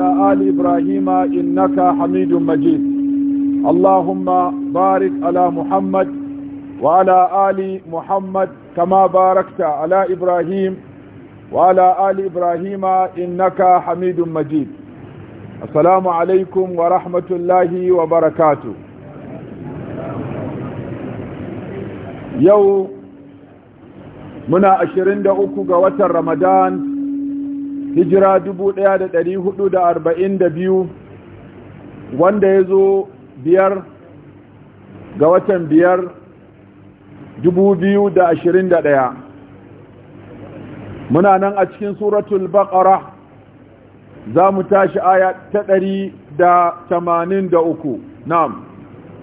وعلى آل إبراهيم إنك حميد مجيد اللهم بارك على محمد وعلى آل محمد كما باركت على إبراهيم وعلى آل إبراهيم إنك حميد مجيد السلام عليكم ورحمة الله وبركاته يوم muna 23 ga watan Ramadan hijira 1442 wanda ya zo biyar ga watan biyar 2021 muna nan a cikin suratul baqara za mu tashi aya ta 183 na'am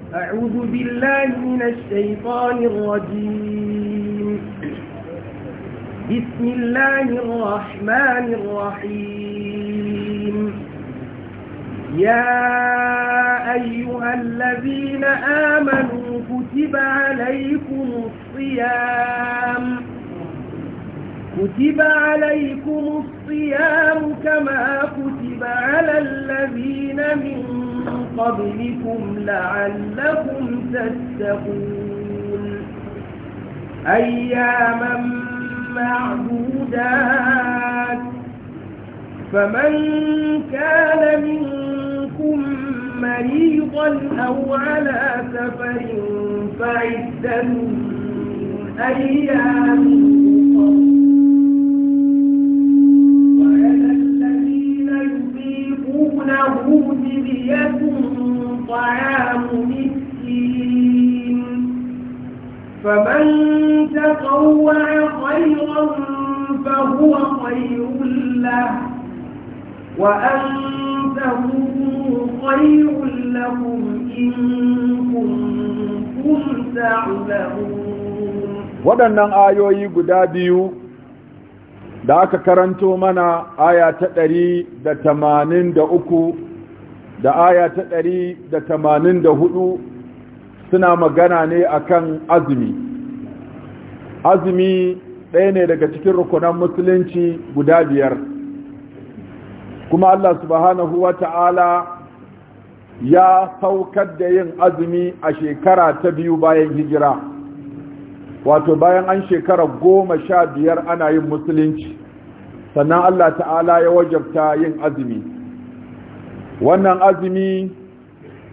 أعوذ بالله من الشيطان الرجيم بسم الله الرحمن الرحيم يا أيها الذين آمنوا كتب عليكم الصيام كتب عليكم الصيام كما كتب على الذين من قبلكم لعلكم تتقون أياما معدودات فمن كان منكم مريضا أو على سفر فعدا من أيام طعام مسكين فمن تطوع خيرا فهو خير له وأن تهوه خير لكم إن كنتم تعلمون waɗannan ayoyi guda biyu da aka karanto mana aya ta ɗari da tamanin da uku da aya ta ɗari da tamanin da hudu suna magana ne akan azumi azumi ɗaya ne daga cikin rukunan musulunci guda biyar kuma Allah subhanahu wa ta'ala ya saukar da yin azumi a shekara ta biyu bayan hijira wato bayan an shekara goma sha biyar ana yin musulunci sannan Allah ta'ala ya wajabta yin azumi wannan azumi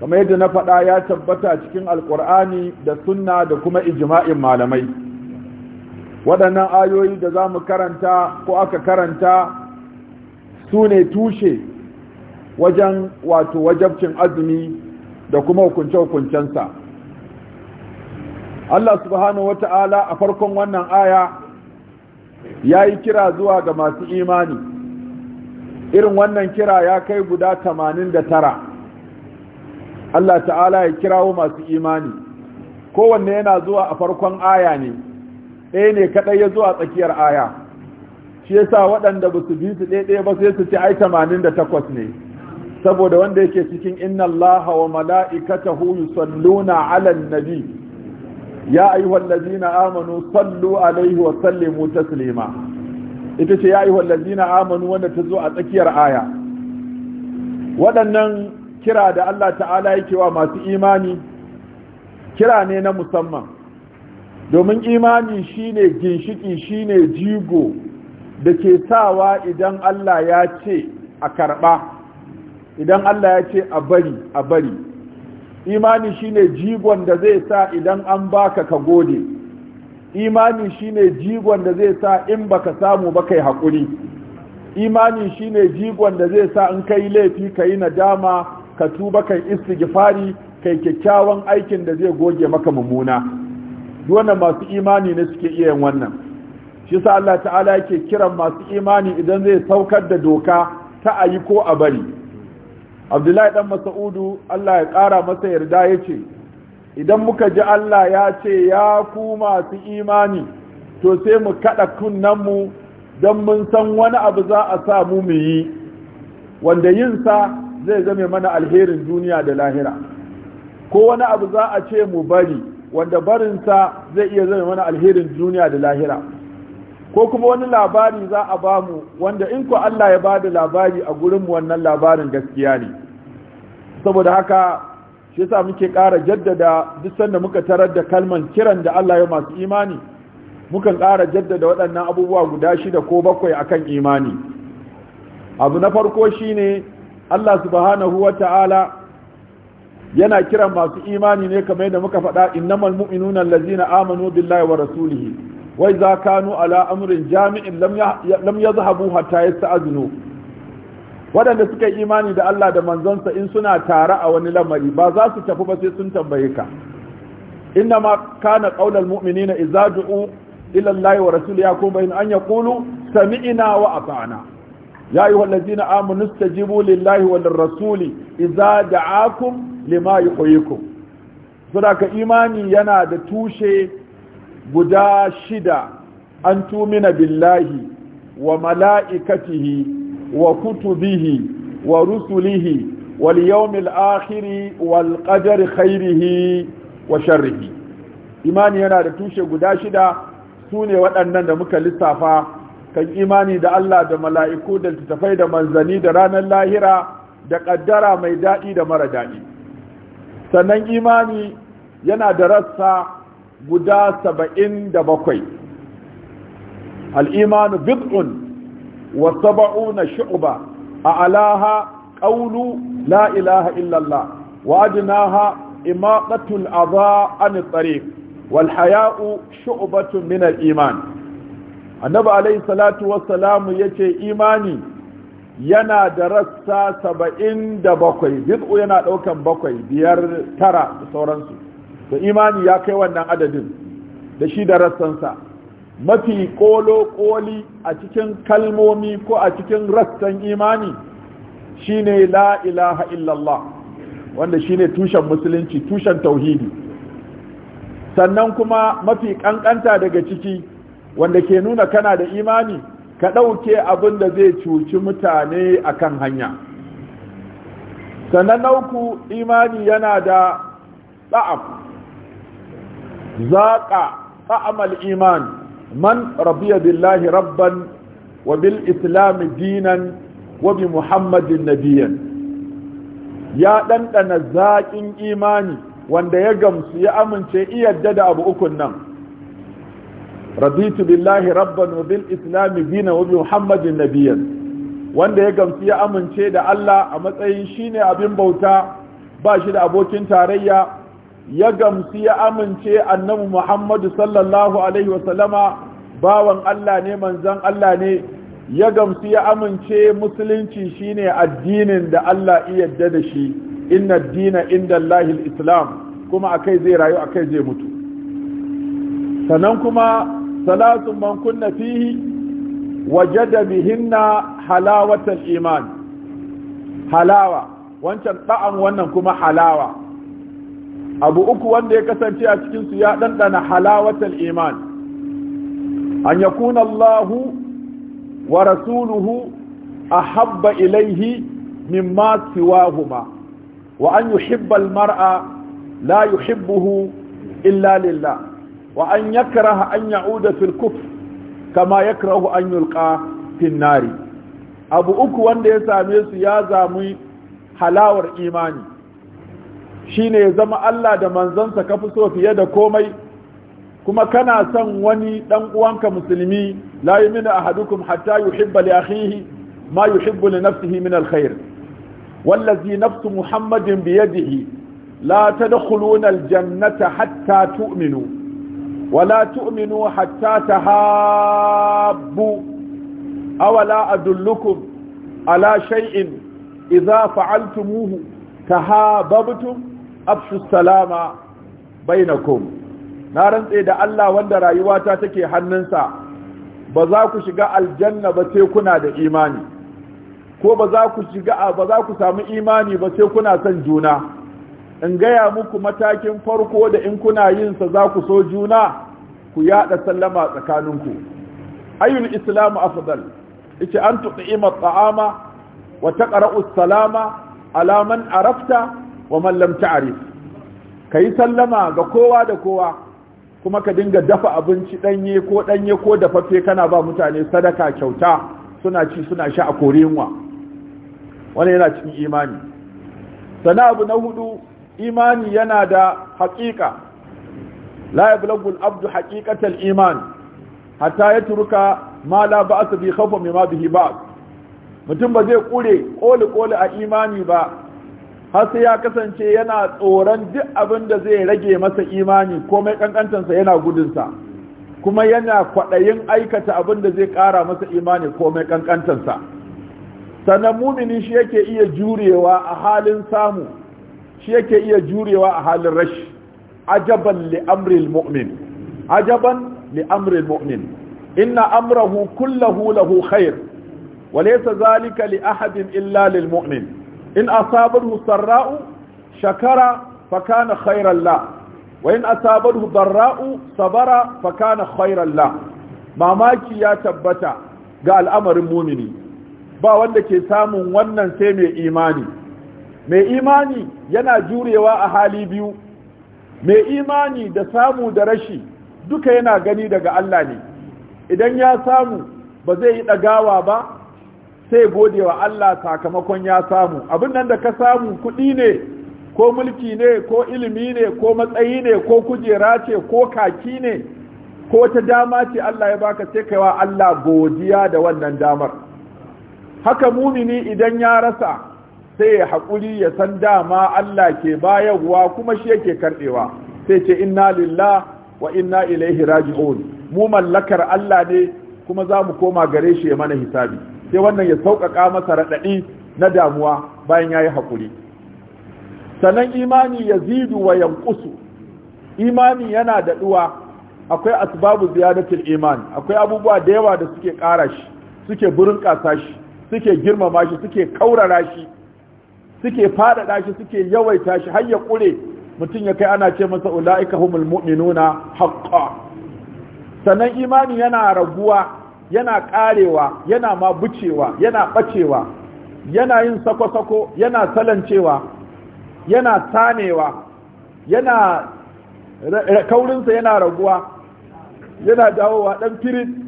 kamar yadda na faɗa ya tabbata cikin alkur'ani da sunna da kuma ijma'in malamai waɗannan ayoyi da za mu karanta ko aka karanta su ne tushe wajen wato wajabcin azumi da kuma hukunce-hukuncensa Allah subhanahu wata'ala a farkon wannan aya ya yi kira zuwa ga masu imani irin wannan kira ya kai guda tamanin da tara. Allah ta'ala ya kirawo masu imani kowanne yana zuwa a farkon aya ne ɗaya ne kaɗai ya zuwa tsakiyar aya shi yasa waɗanda ba su bi su ɗaya ba sai su ci ai takwas ne saboda wanda yake cikin inna Allah wa mala'ikatahu yusalluna 'alan nabi ya ayyuhallazina amanu sallu alaihi wa sallimu taslima ita ce ya ayyuhallazina amanu wanda ta zo a tsakiyar aya waɗannan kira da Allah ta'ala yake wa masu imani kira ne na musamman domin imani shine ginshiki shine jigo da ke sawa idan Allah ya ce a karɓa idan Allah ya ce a bari a bari imani shine jigon da zai sa idan an baka ka gode imani shine jigon da zai sa in baka samu ba kai hakuri imani shine jigon da zai sa in kai laifi kai nadama ka tuba kai istighfari kai kyakkyawan aikin da zai goge maka mummuna wannan masu imani ne suke iya yin wannan shi sa Allah ta'ala yake kiran masu imani idan zai saukar da doka ta ayi ko a bari Abdullahi dan Mas'udu Allah ya ƙara masa yarda yace idan muka ji Allah ya ce ya ku masu imani to sai mu kada mu dan mun san wani abu za a samu mu yi wanda sa zai zame mana alherin duniya da lahira ko wani abu za a ce mu bari wanda barinsa zai iya zame mana alherin duniya da lahira ko kuma wani labari za a ba mu wanda in ku Allah ya bada labari a gurinmu wannan labarin gaskiya ne saboda haka shi yasa muke ƙara jaddada duk sanda muka tarar da kalman kiran da Allah ya masu imani mukan ƙara jaddada waɗannan abubuwa guda shida ko bakwai akan imani abu na farko shine Allah subhanahu wa ta'ala yana kiran masu imani ne kamar yadda muka faɗa innamal mu'minuna allazina amanu billahi wa rasulihi wa idza kanu ala amrin jami'in lam lam yadhhabu hatta yasta'zinu waɗanda suka yi imani da Allah da manzonsa in suna tare a wani lamari ba za su tafi ba sai sun tambaye ka inna ma kana qaulal mu'minina idza du'u ila allahi wa rasulihi yakum bayin an yaqulu sami'na wa ata'na ya yi wallazina amanu stajibu lillahi wal rasuli idza da'akum lima yuhyikum saboda imani yana da tushe guda shida an tumina billahi wa mala'ikatihi wa kutubihi wa rusulihi wal yawmil akhir wal qadari khairihi wa sharrihi imani yana da tushe guda shida sune waɗannan da muka lissafa kan imani da Allah da mala'iku da littattafai da manzani da ranar lahira da ƙaddara mai daɗi da mara daɗi sannan imani yana da rassa guda saba'in da bakwai al'imanu bid'un wa na shu'uba a alaha ƙaunu la ilaha illallah wa adinaha imaqatul adha an tariq wal haya'u iman annabi alaihi salatu wassalamu yace imani yana da rassa saba'in da bakwai bid'u yana ɗaukan bakwai biyar tara da sauransu to imani ya kai wannan adadin da shi da rassansa mafi kolo koli a cikin kalmomi ko a cikin rassan imani shine la ilaha illallah wanda shine tushen musulunci tushen tauhidi sannan kuma mafi kankanta daga ciki wanda ke nuna kana da imani ka ɗauke abin da zai cuci mutane a kan hanya sannan nauku imani yana da tsa'af zaƙa tsa'amal iman man rabiya billahi rabban wa bil islami dinan wa bi muhammadin nabiyan ya ɗanɗana zaƙin imani wanda ya gamsu ya amince iya da abu ukun nan raditu billahi rabban wa bil islami dina wa wanda ya gamsu ya amince da Allah a matsayin shine abin bauta ba shi da abokin tarayya ya gamsu ya amince annabi muhammadu sallallahu alaihi wa sallama bawan Allah ne manzon Allah ne ya gamsu ya amince musulunci shine addinin da Allah iya yarda da shi inna dina inda Allahil islam kuma akai zai rayu akai zai mutu sannan kuma ثلاث من كن فيه وجد بهن حلاوة الإيمان حلاوة وانشان طعم وانن كما حلاوة أبو أكو وان دي كسان تي أشكين سيادن حلاوة الإيمان أن يكون الله ورسوله أحب إليه مما سواهما وأن يحب المرأة لا يحبه إلا لله wa an yakraha an ya'uda fil kufr kama yakrahu an yulqa fin nari abu uku wanda ya same su ya zamu halawar imani shine ya zama Allah da manzansa kafi so fiye da komai kuma kana son wani dan uwanka musulmi la yuminu ahadukum hatta yuhibba li akhihi ma yuhibbu li nafsihi min alkhair wallazi nafsu muhammadin biyadihi la tadkhuluna aljannata hatta tu'minu ولا تؤمنوا حتى تهابوا أولا أدلكم على شيء إذا فعلتموه تهاببتم أفشوا السلام بينكم نارن إذا الله واندر أيواتا تكي حننسا بذاكو شقاء الجنة بتيكنا دا إيماني ko ba za ku shiga ba za ku samu imani ba in gaya muku matakin farko da in kuna yin sa za ku so juna ku yada sallama tsakaninku ayyul islamu afdal ita an tuqima ta'ama wa taqra'u salama ala man arafta wa man lam ta'rif kai sallama ga kowa da kowa kuma ka dinga dafa abinci danye ko danye ko dafaffe kana ba mutane sadaka kyauta suna ci suna sha a korewa. wannan yana cikin imani sana abu na hudu imani yana da haƙiƙa la yablaghu al-abdu haqiqatal iman hatta ya ma la ba'sa bi khawfa mimma bihi ba'd mutum ba zai ƙure ƙoli-ƙoli a imani ba har sai ya kasance yana tsoron duk abin da zai rage masa imani komai kankantansa yana gudunsa kuma yana kwaɗayin aikata abin da zai ƙara masa imani komai kankantansa sannan mumini shi yake iya jurewa a halin samu shi yake iya jurewa a halin rashi ajaban li mu'min ajaban li mu'min inna amrahu kullahu lahu khair wa laysa zalika li ahadin illa lil mu'min in asabahu sarra'u shakara fa kana khairan la wa in asabahu darra'u sabara fa kana khairan la mamaki ya tabbata ga al'amarin mumini ba wanda ke samun wannan sai mai imani mai imani yana jurewa a hali biyu mai imani da samu da rashi duka yana gani daga Allah ne idan ya samu ba zai yi ɗagawa ba sai gode wa Allah sakamakon ya samu abin nan da ka samu kuɗi ne ko mulki ne ko ilimi ne ko matsayi ne ko kujera ce ko kaki ne ko wata dama ce Allah ya baka sai kaiwa Allah godiya da wannan damar haka mumini idan ya rasa sai ya haƙuri ya san dama Allah ke bayarwa kuma shi yake karɓewa sai ce inna lillah wa inna ilaihi raji'un mu mallakar Allah ne kuma za mu koma gare shi ya mana hisabi sai wannan ya sauƙaƙa masa raɗaɗi na damuwa bayan ya yi haƙuri sannan imani ya zidu wa yankusu imani yana daɗuwa akwai asbabu ziyadatul iman akwai abubuwa da yawa da suke ƙara shi suke burin ƙasa shi suke girmama shi suke kaurara shi suke faɗaɗa shi suke yawaita shi har ya ƙure mutum ya kai ana ce masa ula'ika humul mu'minuna haqqan sannan imani yana raguwa yana ƙarewa yana ma bucewa yana bacewa yana yin sako-sako yana salancewa yana tanewa yana kaurinsa yana raguwa yana dawowa Dan firin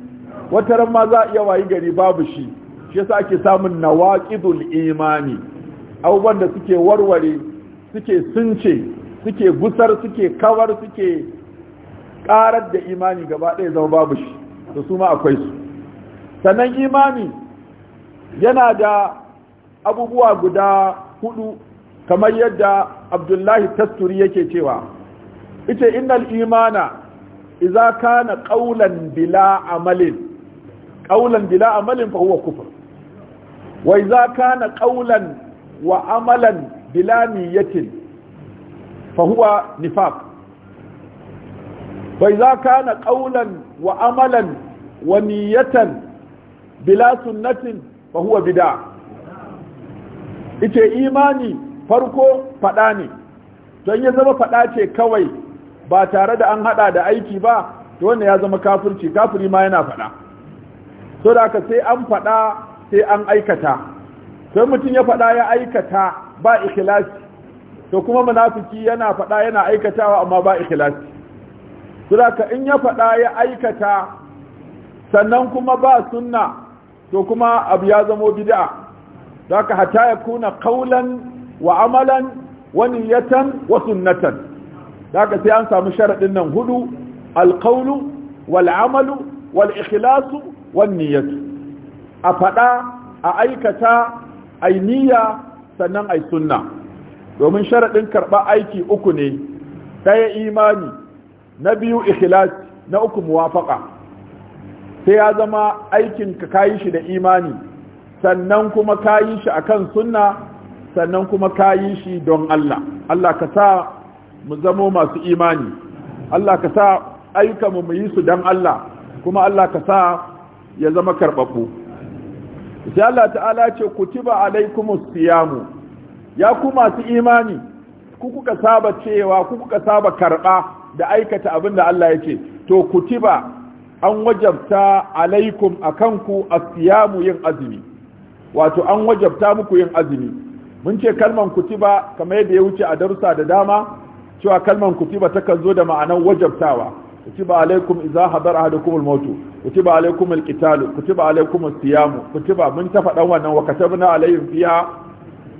wataran ma za a iya wayi gari babu shi shi yasa ake samun nawaqidul imani abubuwan da suke warware suke sunce suke gusar suke kawar suke karar da imani gaba ɗaya zama babu shi da su ma akwai su sannan imani yana da abubuwa guda hudu kamar yadda abdullahi tasturi yake cewa ita innal imana iza kana qaulan bila amalin qaulan bila amalin fa huwa kufur wa iza kana qaulan wa amalan bila niyyatin fa huwa nifaq fa idza kana qawlan wa amalan wa niyyatan bila sunnatin fa huwa ite imani farko fada ne don ya zama fada ce kawai ba tare da an hada da aiki ba to wannan ya zama kafirci kafiri ma yana fada so da sai an fada sai an aikata sai mutum ya faɗa ya aikata ba ikilasi to kuma munafiki yana faɗa yana aikatawa amma ba ikhlasi saboda in ya faɗa ya aikata sannan kuma ba sunna to kuma abu ya zamo bid'a zaka hata ya kuna qaulan wa amalan wa niyatan wa sunnatan zaka sai an samu sharaɗin nan hudu alqaulu wal amalu wal ikhlasu wan niyatu a faɗa a aikata ai niyya sannan ai sunna domin sharaɗin karɓa aiki uku ne ɗaya imani na biyu ikhlas na uku muwafaqa sai ya zama aikin ka kayi shi da imani sannan kuma kayi shi akan sunna sannan kuma kayi shi don Allah Allah ka sa mu zamo masu imani Allah ka sa ayyukanmu mu yi su don Allah kuma Allah ka sa ya zama karɓaɓɓu sai Allah ta'ala ce kutiba alaikumus siyamu ya ku masu imani ku kuka saba cewa ku kuka saba karba da aikata abin da Allah ya ce to kutiba an wajabta alaikum akanku asiyamu yin azumi wato an wajabta muku yin azumi mun ce kalman kutiba kamar yadda ya wuce a darussa da dama cewa kalman kutiba takan zo da ma'anar wajabtawa kutiba alaikum idza hadara ahadukum al-maut kutiba alaikum al-qital kutiba alaikum as-siyam kutiba mun ta fadan wannan wa katabna alaihim fiha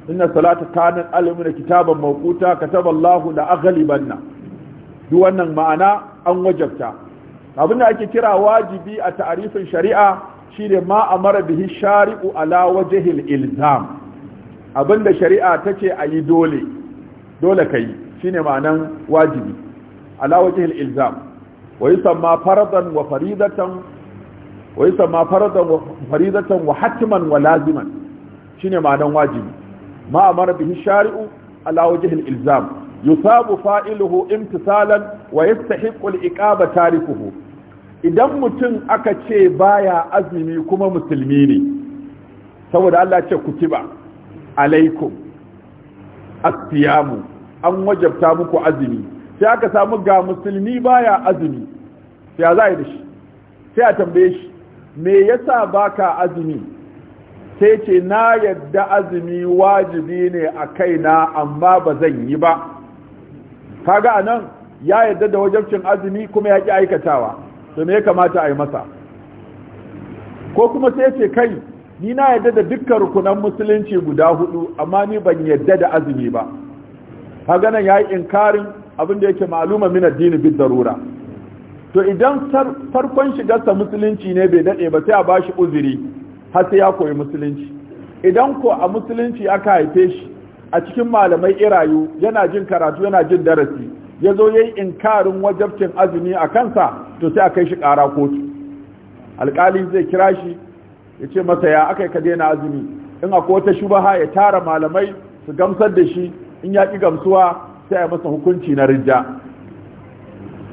inna salata kanat alamin kitaban mawquta kataba Allahu la banna. duk wannan ma'ana an wajabta abinda ake kira wajibi a ta'arifin shari'a shine ma amara bihi shari'u ala wajhi al-ilzam abinda shari'a tace ayi dole dole shine ma'anan ilzam wa yi sama faradan wa faridatan wa hakiman wa laziman shi ne manan wajini ma a mara bihin shari'u alawajihin ilzam yusabu fa'iluhu imtisalan wa yi sahiƙul iƙaba tarifuhu idan mutum aka ce baya azumi kuma musulmi ne saboda allah ce ku ba alaikum asiyamu an wajabta muku azumi sai aka samu ga musulmi baya azumi sai za a yi da shi sai a tambaye shi me yasa baka azumi sai ce na yadda azumi wajibi ne a kaina amma ba zan yi ba kaga anan ya yadda da wajabcin azumi kuma ya ki aikatawa to me ya kamata a yi masa ko kuma sai ce kai ni na yadda da dukkan rukunan musulunci guda hudu amma ni ban yadda da azumi ba kaga nan yayi inkarin abin da yake maluma min addini bid darura to idan farkon shigarsa musulunci ne bai dade ba sai a bashi uzuri har sai ya koyi musulunci idan ko a musulunci aka haife shi a cikin malamai irayu yana jin karatu yana jin darasi ya zo yayi inkarin wajabcin azumi a kansa to sai a kai shi kara kotu alƙali zai kira shi ya ce masa ya aka ka daina azumi in akwai wata shubaha ya tara malamai su gamsar da shi in ya ƙi gamsuwa sai masa hukunci na rija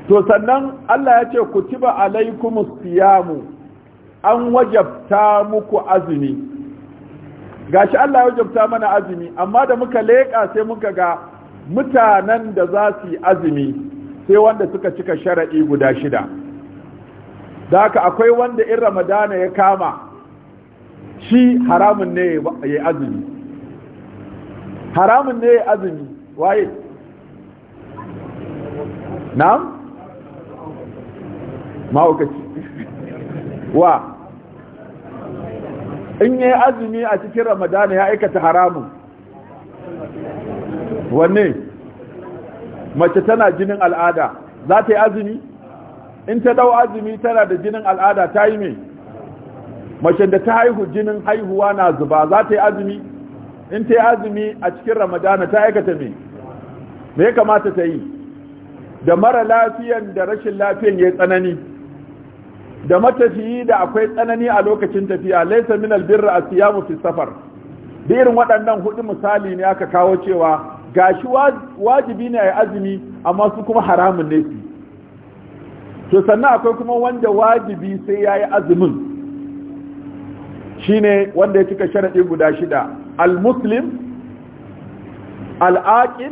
to sannan Allah ya ce kutiba alaikumus siyamu an wajabta muku azumi gashi Allah ya wajabta mana azumi amma da muka leƙa sai muka ga mutanen da za su yi azumi sai wanda suka cika shara'i guda shida da haka akwai wanda in ramadana ya kama shi haramun ne ya azumi haramun ne ya azumi waye na'am mahaukaci wa in yi azumi a cikin ramadana ya aikata haramun wanne mace tana jinin al'ada za ta yi azumi in ta dau azumi tana da jinin al'ada ta yi mai mace da ta haihu jinin haihuwa na zuba za ta yi azumi in ta yi azumi a cikin ramadana ta aikata mai me ya kamata ta yi da mara lafiyan da rashin lafiyan ya tsanani da matafiyi da akwai tsanani a lokacin tafiya laisa min albirra asiyamu fi safar da irin waɗannan hudu misali ne aka kawo cewa gashi wajibi ne a azumi amma su kuma haramun ne su to sannan akwai kuma wanda wajibi sai ya yi azumin shine wanda ya cika sharaɗi guda shida al-muslim al-aqil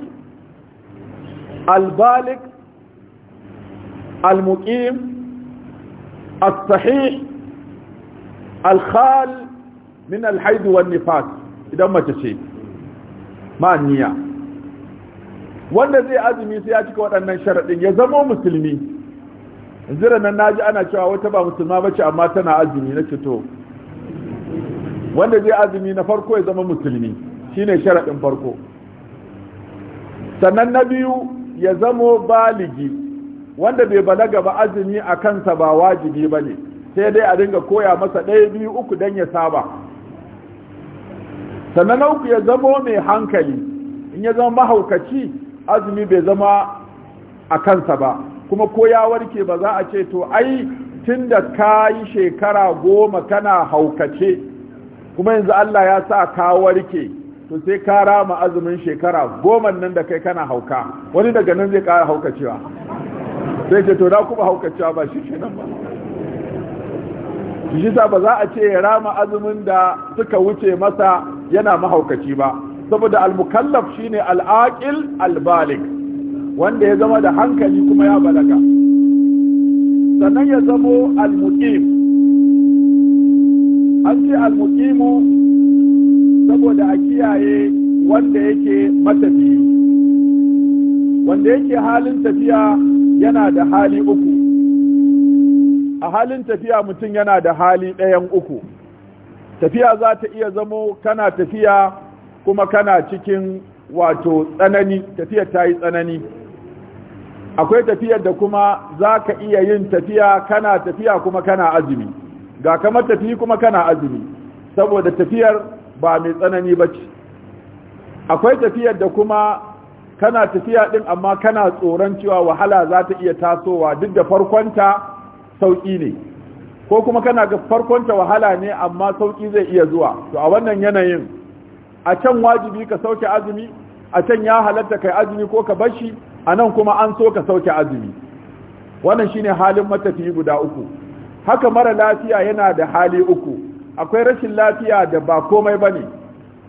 al-balik المقيم الصحيح الخال من الحيض والنفاس idan mace ce ma niyya wanda zai azumi sai ya cika waɗannan sharaɗin ya zama musulmi zira nan naji ana cewa wata ba musulma bace amma tana azumi na to wanda zai azumi na farko ya zama musulmi shine sharaɗin farko sannan na biyu ya zamo baligi wanda bai balaga ba azumi a kansa ba wajibi ba ne sai dai a dinga koya masa ɗaya biyu uku don ya saba sannan uku ya zama mai hankali in ya zama mahaukaci azumi bai zama a kansa ba kuma ko ya warke ba za a ce to ai tun da ka yi shekara goma kana haukace kuma yanzu Allah ya sa ka warke to sai ka rama azumin shekara goma nan da kai kana hauka wani daga nan zai kara haukacewa sai ce to na kuma haukacewa ba shi kenan ba shi ba za a ce ya rama azumin da suka wuce masa yana mahaukaci ba saboda almukallaf shine al'aqil albalik wanda ya zama da hankali kuma ya balaga sannan ya zamo almukim an ce almukimu saboda a kiyaye wanda yake matafi wanda yake halin tafiya yana da hali uku a halin tafiya mutum yana da hali ɗayan uku tafiya za ta iya zamo kana tafiya kuma kana cikin wato tsanani tafiya ta yi tsanani akwai tafiyar da kuma za ka iya yin tafiya kana tafiya kuma kana azumi ga kamar tafiya kuma kana azumi saboda tafiyar ba mai tsanani ba ce akwai tafiyar da kuma kana tafiya din amma kana tsoron cewa wahala za ta iya tasowa duk da farkonta sauƙi ne ko kuma kana ga farkonta wahala ne amma sauƙi zai iya zuwa to a wannan yanayin a can wajibi ka sauke azumi a can ya halatta kai azumi ko ka bashi a nan kuma an so ka sauke azumi wannan shine halin matafiyi guda uku haka mara lafiya yana da hali uku akwai rashin lafiya da ba komai bane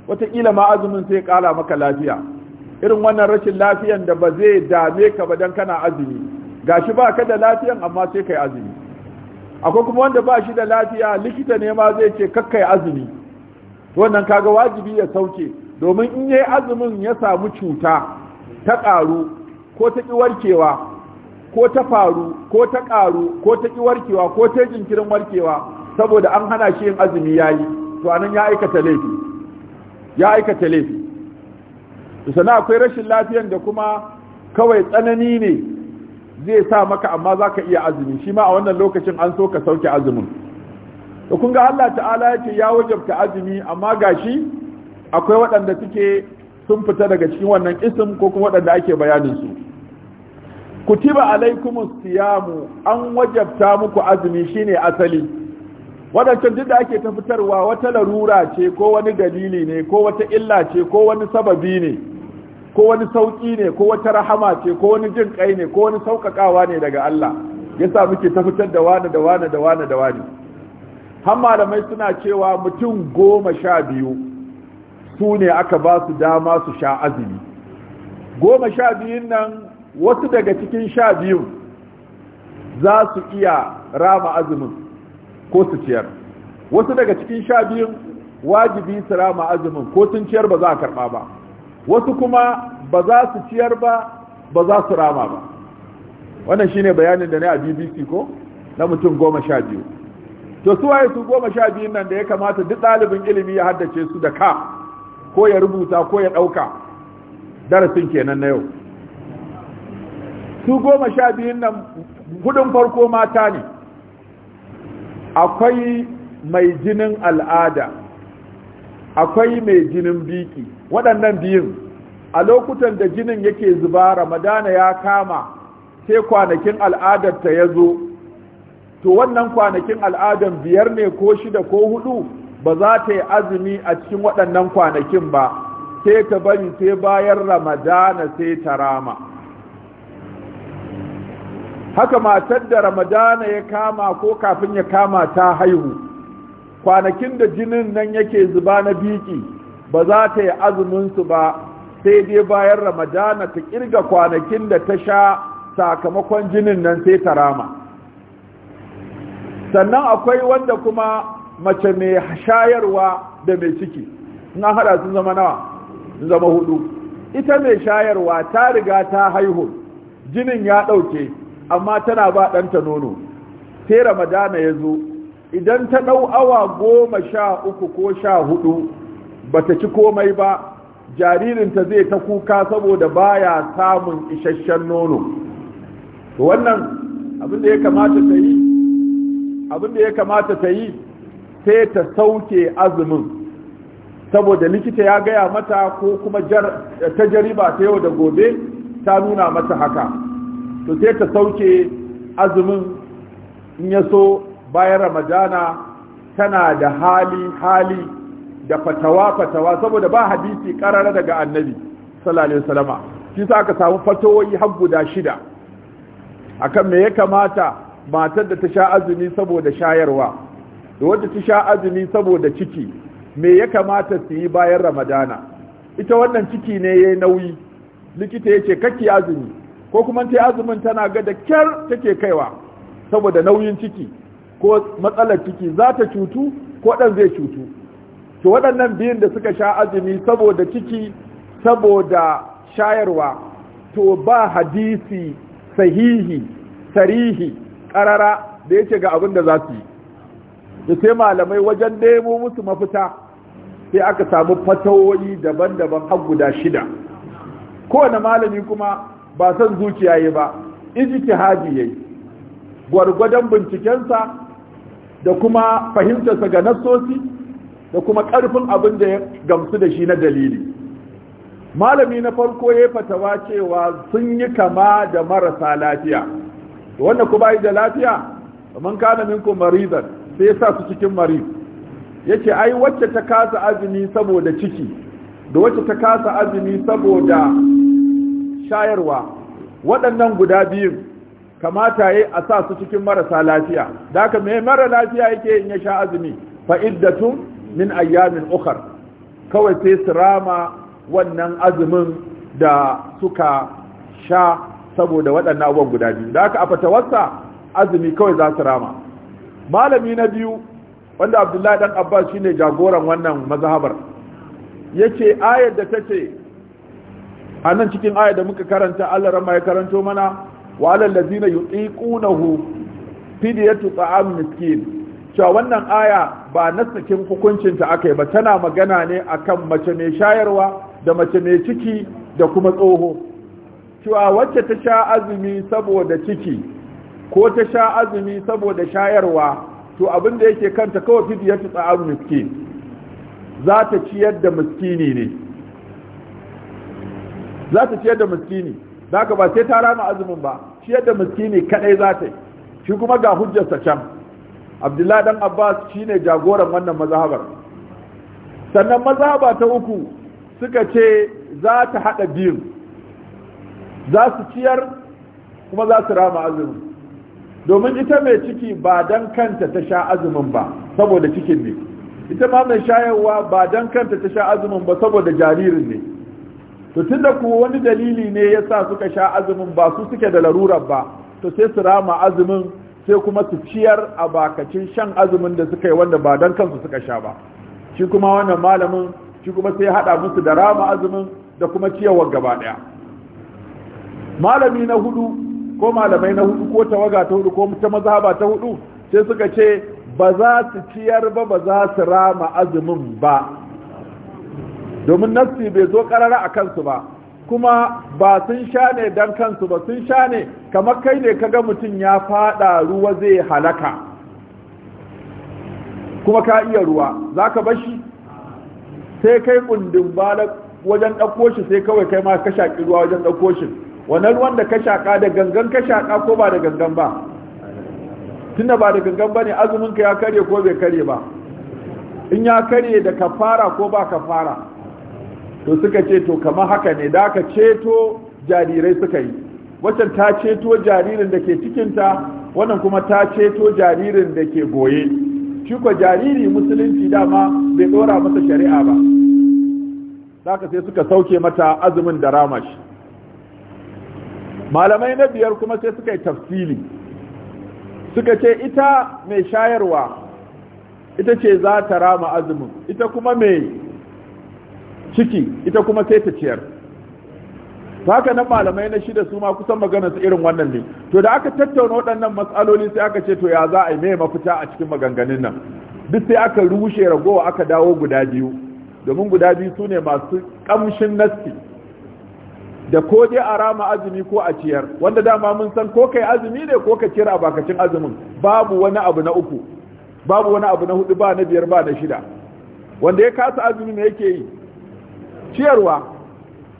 wataƙila ma azumin sai ƙara maka lafiya irin wannan rashin lafiyan da ba zai dame ka ba dan kana azumi gashi ba ka da lafiyan amma sai kai azumi akwai kuma wanda ba shi da lafiya likita ne ma zai ce kakkai azumi wannan kaga wajibi ya sauke domin in yayi azumin ya samu cuta ta ƙaru ko ta ƙi warkewa ko ta faru ko ta ƙaru ko ta ƙi warkewa ko ta jinkirin warkewa saboda an hana shi yin azumi yayi to anan ya aikata laifi ya aikata laifi sana akwai rashin lafiyan da kuma kawai tsanani ne zai sa maka amma za ka iya azumi shi ma a wannan lokacin an so ka sauke azumin da kunga ga Allah ta'ala ya ce ya wajabta azumi amma ga shi akwai waɗanda suke sun fita daga cikin wannan isim ko kuma waɗanda ake bayaninsu. su kutiba alaikumus siyamu an wajabta muku azumi shi ne asali waɗancan duk da ake ta fitarwa wata larura ce ko wani dalili ne ko wata illa ce ko wani sababi ne ko wani sauki ne ko wata rahama ce ko wani jin kai ne ko wani sauƙaƙawa ne daga Allah yasa muke ta fitar da wani da wani da wani da wani har malamai suna cewa mutum goma sha biyu su ne aka ba su dama su sha azumi goma sha biyun nan wasu daga cikin sha biyun za su iya rama azumin ko su ciyar wasu daga cikin sha biyun wajibi su rama azumin ko sun ciyar ba za a karɓa ba wasu kuma ba za su ciyar ba ba za su rama ba wannan shine bayanin da ne a bbc ko na mutum goma sha biyu to su waye su goma sha biyun nan da ya kamata duk ɗalibin ilimi ya haddace su da ka ko ya rubuta ko ya ɗauka darasin kenan na yau su goma sha biyun nan hudun farko mata ne akwai mai jinin al'ada akwai mai jinin biki waɗannan biyun a lokutan da jinin yake zuba ramadana ya kama sai kwanakin al'adarta ya zo to wannan kwanakin al'adar biyar ne ko shida ko hudu ba za ta yi azumi a cikin waɗannan kwanakin ba sai ta bari sai bayan ramadana sai ta rama haka matar da ramadana ya kama ko kafin ya kama ta haihu kwanakin da jinin nan yake zuba na biki ba za ta yi azumin su ba sai dai bayan ramadana ta kirga kwanakin da ta sha sakamakon jinin nan sai ta rama sannan akwai wanda kuma mace mai shayarwa da mai ciki na hada sun zama nawa sun zama hudu ita mai shayarwa ta riga ta haihu jinin ya dauke amma tana ba ɗanta nono sai ramadana ya zo idan ta ɗau awa goma sha uku ko sha hudu bata ci komai ba jaririnta zai ta kuka saboda baya samun isasshen nono to wannan abin da ya kamata ta yi abin ya kamata ta yi sai ta sauke azumin saboda likita ya gaya mata ko kuma ta jariba ta yau da gobe ta nuna mata haka to sai ta sauke azumin in ya so bayan ramadana tana da hali hali da fatawa fatawa saboda ba hadisi karara daga annabi sallallahu alaihi wasallama shi sa aka samu fatawoyi har guda shida akan me ya kamata matar da ta sha azumi saboda shayarwa da wadda ta sha azumi saboda ciki me ya kamata su yi bayan ramadana ita wannan ciki ne yayi nauyi likita yace kake azumi ko kuma ta azumin tana ga da kyar take kaiwa saboda nauyin ciki ko matsalar ciki za ta cutu ko ɗan zai cutu to waɗannan biyun da suka sha azumi saboda ciki saboda shayarwa to ba hadisi sahihi sarihi ƙarara da ya ga abin da za su yi da sai malamai wajen nemo musu mafita sai aka samu fatawoyi daban-daban har guda shida kowane malami kuma ba son zuciya yi ba ijtihadi yayi gwargwadon bincikensa da kuma fahimtarsa ga nassosi da kuma ƙarfin abin da ya gamsu da shi na dalili malami na farko ya fatawa cewa sun yi kama da marasa lafiya wanda ku bai da lafiya man kana minku maridan sai ya sa su cikin marid ce ai wacce ta kasa azumi saboda ciki da wacce ta kasa azumi saboda shayarwa waɗannan guda biyu kamata yi a sa su cikin marasa lafiya da mai mara lafiya yake in ya sha azumi fa'iddatun tun. min ayyamin ukhar kawai sai su rama wannan azumin da suka sha saboda waɗannan abubuwan guda biyu da aka wasa azumi kawai za su rama malami na biyu wanda abdullahi dan abbas shine jagoran wannan mazhabar yace ayar da tace a nan cikin ayar da muka karanta Allah rama ya karanto mana wa alal ladina yutiqunahu fidyatu ta'am miskin cewa wannan aya ba nasakin hukuncinta aka yi ba tana magana ne akan mace mai shayarwa da mace mai ciki da kuma tsoho cewa wacce ta sha azumi saboda ciki ko ta sha azumi saboda shayarwa to abin da yake kanta kawai fidiyar ta tsa'ar miski za ta ciyar da miskini ne za ta ciyar da miskini za ba sai ta rama azumin ba ciyar da miskini kadai za ta yi shi kuma ga hujjarsa can abdullahi dan abbas shine jagoran wannan mazhabar sannan mazhaba ta uku suka ce za ta hada biyu za su ciyar kuma za su rama azumi domin ita mai ciki ba dan kanta ta sha azumin ba saboda cikin ne ita ma mai shayarwa ba dan kanta ta sha azumin ba saboda jaririn ne to tunda ku wani dalili ne yasa suka sha azumin ba su suke da larurar ba to sai su rama azumin sai kuma su ciyar a bakacin shan azumin da suka yi wanda ba don kansu suka sha ba shi kuma wannan malamin shi kuma sai haɗa musu da rama azumin da kuma ciyarwar gaba ɗaya malami na hudu ko malamai na hudu ko tawaga ta hudu ko ta mazhaba ta hudu sai suka ce ba za su ciyar ba ba za su rama azumin ba domin nassi bai zo karara a kansu ba kuma ba sun sha ne don kansu ba sun sha ne kamar kai ne kaga mutum ya fada ruwa zai halaka kuma ka iya ruwa za ka bashi sai kai kundin bala wajen ɗauko shi sai kawai kai ma ka shaƙi ruwa wajen ɗauko shi Wani ruwan da ka shaƙa da gangan ka shaƙa ko ba da gangan ba da ba da gangan ba ne azuminka ya karye ko bai karye ba in ya karye da kafara ko ba kafara to suka ce to kamar haka ne da aka ceto jarirai suka yi waccan ta ceto jaririn da ke cikinta wannan kuma ta ceto jaririn da ke goye shi ko jariri musulunci dama bai dora masa shari'a ba zaka sai suka sauke mata azumin da ramash malamai na biyar kuma sai suka yi tafsili suka ce ita mai shayarwa ita ce za ta rama azumin ita kuma mai ciki ita kuma sai ta ciyar haka na malamai na shida su ma kusan magana su irin wannan ne to da aka tattauna waɗannan matsaloli sai aka ce to ya za a yi mai mafita a cikin maganganun nan duk sai aka rushe ragowa aka dawo guda biyu domin guda biyu su ne masu ƙamshin nasti da ko dai a rama azumi ko a ciyar wanda dama mun san ko kai azumi ne ko ka ciyar a bakacin azumin babu wani abu na uku babu wani abu na hudu ba na biyar ba na shida wanda ya kasa azumi ne yake yi ciyarwa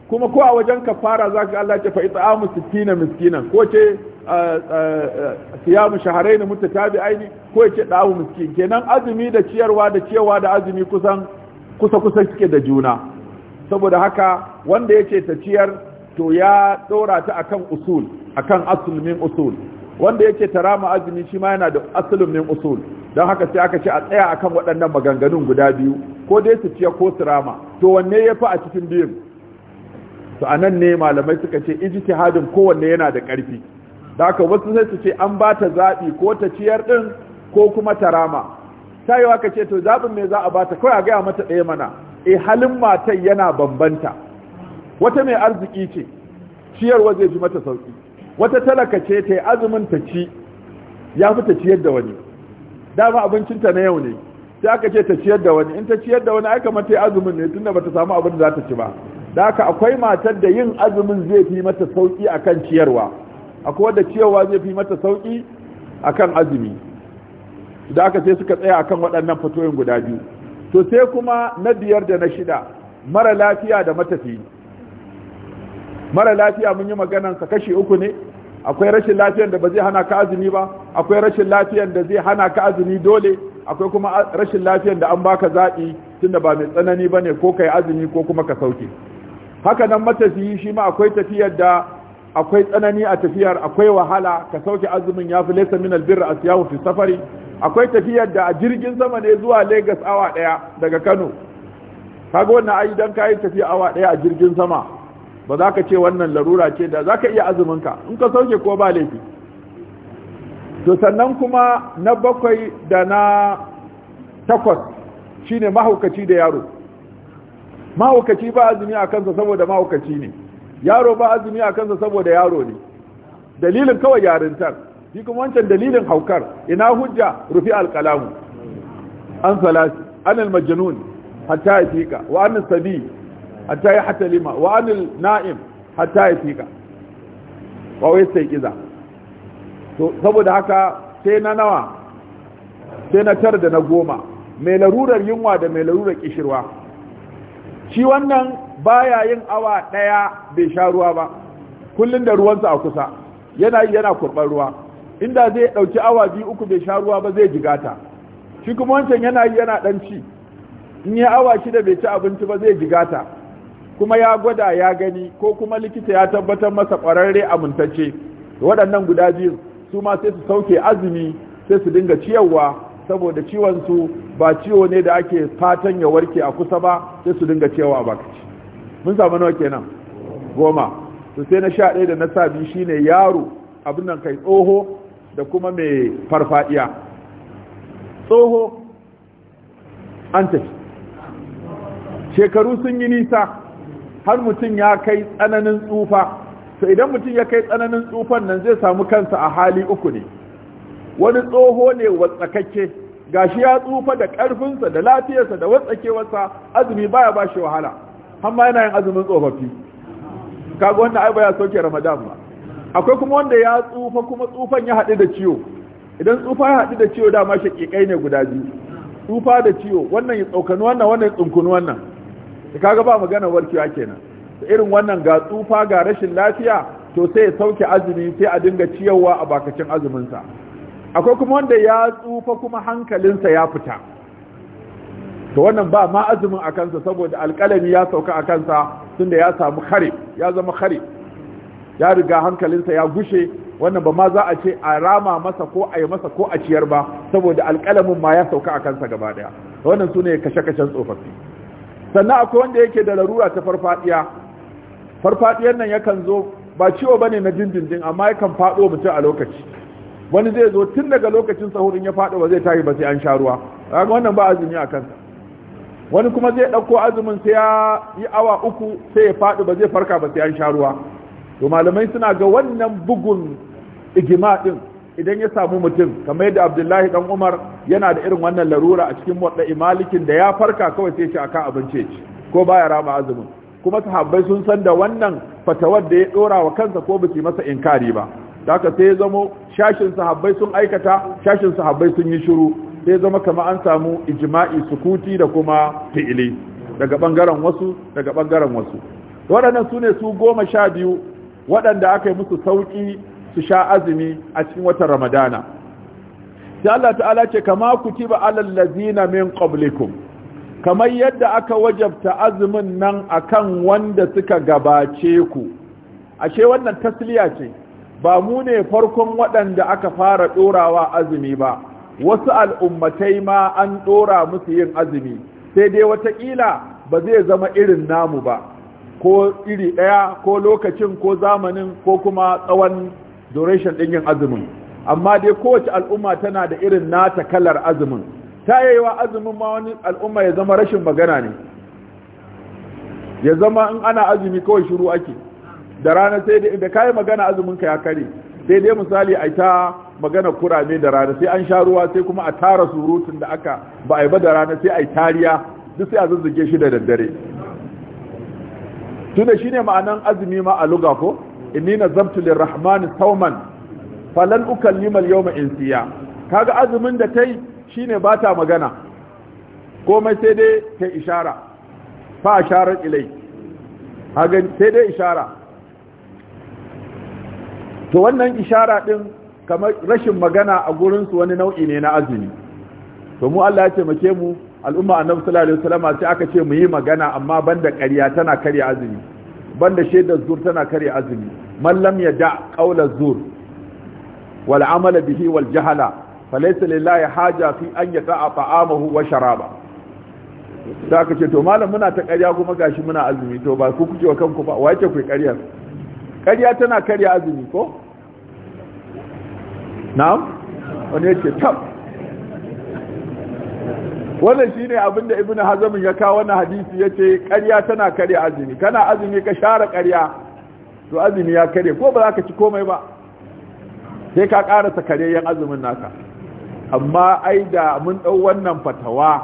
kuma ko a wajen kafara za ka Allah ce fa it'amu sittina miskina ko ce siyamu shaharain mutatabi'ain ko ce da'u miskin kenan azumi da ciyarwa da cewa da azumi kusan kusa kusa suke da juna saboda haka wanda yace ta ciyar to ya dora ta akan usul akan asul usul wanda yace ta rama azumi shi ma yana da asulmin usul don haka sai aka ce a tsaya akan waɗannan maganganun guda biyu ko dai su ciya ko su to wanne ya fi a cikin biyun to a nan ne malamai suka ce ijtihadin kowanne yana da ƙarfi da haka wasu sai su ce an ba ta zaɓi ko ta ciyar ɗin ko kuma ta rama ta yi waka ce to zaɓin me za a ba ta kawai a gaya mata ɗaya mana e halin matan yana bambanta wata mai arziki ce ciyarwa zai ji mata sauƙi wata talaka ce ta yi azumin ta ci ya fi ta ciyar da wani dama abincinta na yau ne sai aka ce ta ciyar da wani in ta ciyar da wani aka mata azumin ne tunda bata samu abin da za ta ci ba da haka akwai matar da yin azumin zai fi mata sauki akan ciyarwa akwai wanda ciyarwa zai fi mata sauki akan azumi da aka ce suka tsaya akan waɗannan fatoyin guda biyu to sai kuma na biyar da na shida mara lafiya da matafi mara lafiya mun yi maganan sa kashi uku ne akwai rashin lafiyar da ba zai hana ka azumi ba akwai rashin lafiyan da zai hana ka azumi dole akwai kuma rashin lafiyan da an baka zaɓi tunda ba mai tsanani bane ko kai azumi ko kuma ka sauke haka nan matafiyi shi ma akwai tafiyar da akwai tsanani a tafiyar akwai wahala ka sauke azumin yafi laysa min albirr asyahu fi safari akwai tafiyar da a jirgin sama ne zuwa Lagos awa daya daga Kano kaga wannan ai dan kai tafiya awa daya a jirgin sama ba za ka ce wannan larura ce da za ka iya ka in ka sauke ko ba laifi to sannan kuma na bakwai da na takwas shine mahaukaci da yaro mahaukaci ba azumi a kansa saboda mahaukaci ne yaro ba azumi a kansa saboda yaro ne dalilin kawai yarintar shi kuma wancan dalilin haukar ina hujja rufi alkalamu an salasi an almajnun hatta yafika wa an sabi hatta yahtalima wa an na'im hatta yafika wa wai sai kiza to saboda haka sai na nawa sai na tar da na goma mai larurar yunwa da mai larurar kishirwa shi wannan baya yin awa daya bai sha ruwa ba kullun da ruwansa a kusa yana yi yana kurban ruwa inda zai dauki awa biyu uku bai sha ruwa ba zai jigata shi kuma wancan yana yi yana dan ci in ya awa shida bai ci abinci ba zai jigata kuma ya gwada ya gani ko kuma likita ya tabbatar masa kwararre amintacce waɗannan guda biyu su ma sai su sauke azumi sai su dinga ciyarwa saboda ciwon su ba ciwo ne da ake fatan ya warke a kusa ba sai su dinga ciyarwa a bakaci mun samu nawa kenan goma to sai na sha ɗaya da na sa biyu shine yaro abin nan kai tsoho da kuma mai farfadiya tsoho an shekaru sun yi nisa har mutum ya kai tsananin tsufa to idan mutum ya kai tsananin tsufan nan zai samu kansa a hali uku ne wani tsoho ne watsakakke shi ya tsufa da ƙarfinsa da lafiyarsa da watsakewarsa azumi baya ba shi wahala amma yana yin azumin tsofaffi kaga wannan ai baya soke ramadan ba akwai kuma wanda ya tsufa kuma tsufan ya haɗu da ciwo idan tsufa ya haɗu da ciwo dama shaƙiƙai ne guda biyu tsufa da ciwo wannan ya tsokani wannan wannan ya tsunkuni wannan kaga ba magana warkewa kenan irin wannan ga tsufa ga rashin lafiya to sai ya sauke azumi sai a dinga ciyarwa a bakacin azuminsa akwai kuma wanda ya tsufa kuma hankalinsa ya fita to wannan ba ma azumin a kansa saboda alƙalami ya sauka a kansa tun da ya samu kare ya zama kare ya riga hankalinsa ya gushe wannan ba ma za a ce a rama masa ko a yi masa ko a ciyar ba saboda alkalamin ma ya sauka a kansa gaba daya wannan su ne kashe-kashen tsofaffi sannan akwai wanda yake da larura ta farfadiya farfadiyar nan yakan zo ba ciwo bane na dindindin amma yakan fado mutum a lokaci wani zai zo tun daga lokacin sahurin ya fado ba zai tashi ba sai an sha ruwa kaga wannan ba azumi a kansa wani kuma zai dauko azumin sai ya yi awa uku sai ya fado ba zai farka ba sai an sha ruwa to malamai suna ga wannan bugun igima din idan ya samu mutum kamar yadda Abdullahi dan Umar yana da irin wannan larura a cikin wadda imalikin da ya farka kawai sai ya ci aka abinci ko baya raba azumin kuma sahabbai sun san da wannan fatawar da ya dora wa kansa ko biki masa inkari ba haka sai ya zamo shashin sahabbai sun aikata shashin sahabbai sun yi shiru sai zama kama an samu ijma'i sukuti da kuma fi'ili daga bangaren wasu daga bangaren wasu waɗannan su ne su goma sha biyu waɗanda aka yi musu sauƙi su sha azumi a cikin watan ramadana sai Allah ta'ala ce kama kutiba alal ladina min qablikum kamar yadda aka wajabta azumin nan akan wanda suka gabace ku ashe wannan tasliya ce ba mu ne farkon waɗanda aka fara ɗorawa azumi ba wasu al'ummatai ma an ɗora musu yin azumi sai dai watakila ba zai zama irin namu ba ko iri ɗaya ko lokacin ko zamanin ko kuma tsawon duration ɗin yin azumin amma dai kowace al'umma tana da irin nata kalar azumin ta wa azumin ma wani al'umma ya zama rashin magana ne ya zama in ana azumi kawai shiru ake da rana sai da kai magana azumin ka ya kare sai dai misali a ta magana kurame da rana sai an sha ruwa sai kuma a tara surutun da aka ba a ba da rana sai a yi tariya duk sai a zazzage shi da daddare tunda shine ma'anan azumi ma a luga ko inni nazamtu lirrahmani sawman falan ukallima al-yawma insiya kaga azumin da kai? ne ba ta magana komai sai dai ta ishara fa a sharar ilai hagan sai dai ishara to wannan ishara ɗin kamar rashin magana a gurinsu wani nau'i ne na azumi to mu Allah ya taimake mu al'umma annabi sallallahu alaihi wasallam sai aka ce mu yi magana amma banda ƙarya tana karya azumi banda shaidar zur tana karya azumi man lam yada qawla zur wal amala bihi wal jahala falaisa lillahi haja fi an yata'a ta'amahu wa sharaba da aka ce to malam muna ta ƙarya kuma gashi muna azumi to ba ku kuke wa kanku ba yake ku ƙarya ƙarya tana karya azumi ko na'am wani yake tab wannan shine abin da ibnu hazm ya kawo wannan hadisi yace ƙarya tana karya azumi kana azumi ka share ƙarya to azumi ya kare ko ba za ka ci komai ba sai ka kare yan azumin naka amma ai da mun ɗau wannan fatawa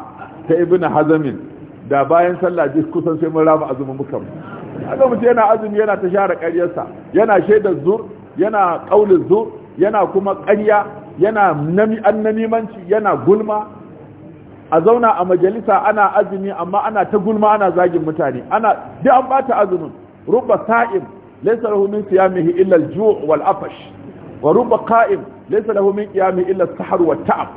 ta ibina hazamin da bayan sallah kusan sai mun rama azumin mukan haka mutum yana azumi yana ta share karyarsa, yana shaidar zur yana ƙaunin zur yana kuma ƙarya yana annamimanci yana gulma a zauna a majalisa ana azumi amma ana ta gulma ana zagin mutane ana duk an bata azumin rubba sa'im laysa lahu min siyamihi illa al-ju' wal afash wa rubba qa'im laysa lahu min qiyami illa sahar wa ta'ab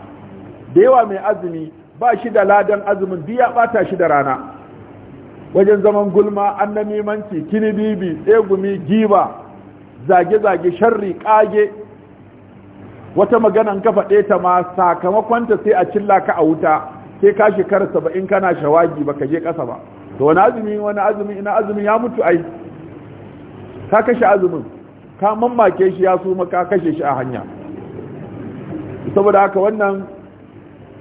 da yawa mai azumi ba shi da ladan azumin biya bata shi da rana wajen zaman gulma annamimanci kinibibi tsegumi giba zage-zage sharri kage wata maganan kafa faɗe ta ma sakamakonta sai a cilla ka a wuta sai ka shekara saba'in kana shawagi baka je kasa ba to wani azumi wani azumi ina azumi ya mutu ai ka kashe azumin ka mamake shi ya suma ka kashe shi a hanya saboda haka wannan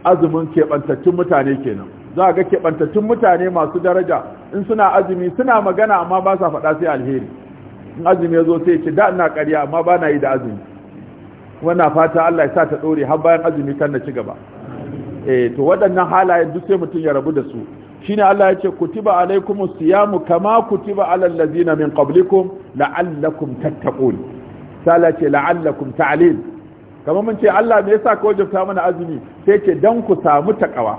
azumin keɓantattun mutane kenan za a ga keɓantattun mutane masu daraja in suna azumi suna magana amma ba sa faɗa sai alheri in azumi ya zo sai ce da ina ƙarya amma ba na yi da azumi wannan fata Allah ya sa ta ɗore har bayan azumi kan na ci gaba eh to waɗannan halayen duk sai mutum ya rabu da su shine Allah ya ce kutiba alaikum siyamu kama kutiba alal ladina min qablikum la'allakum tattaqun sala ce la'allakum ta'lil kamar mun ce Allah me yasa ka wajabta mana azumi sai ce dan ku samu takawa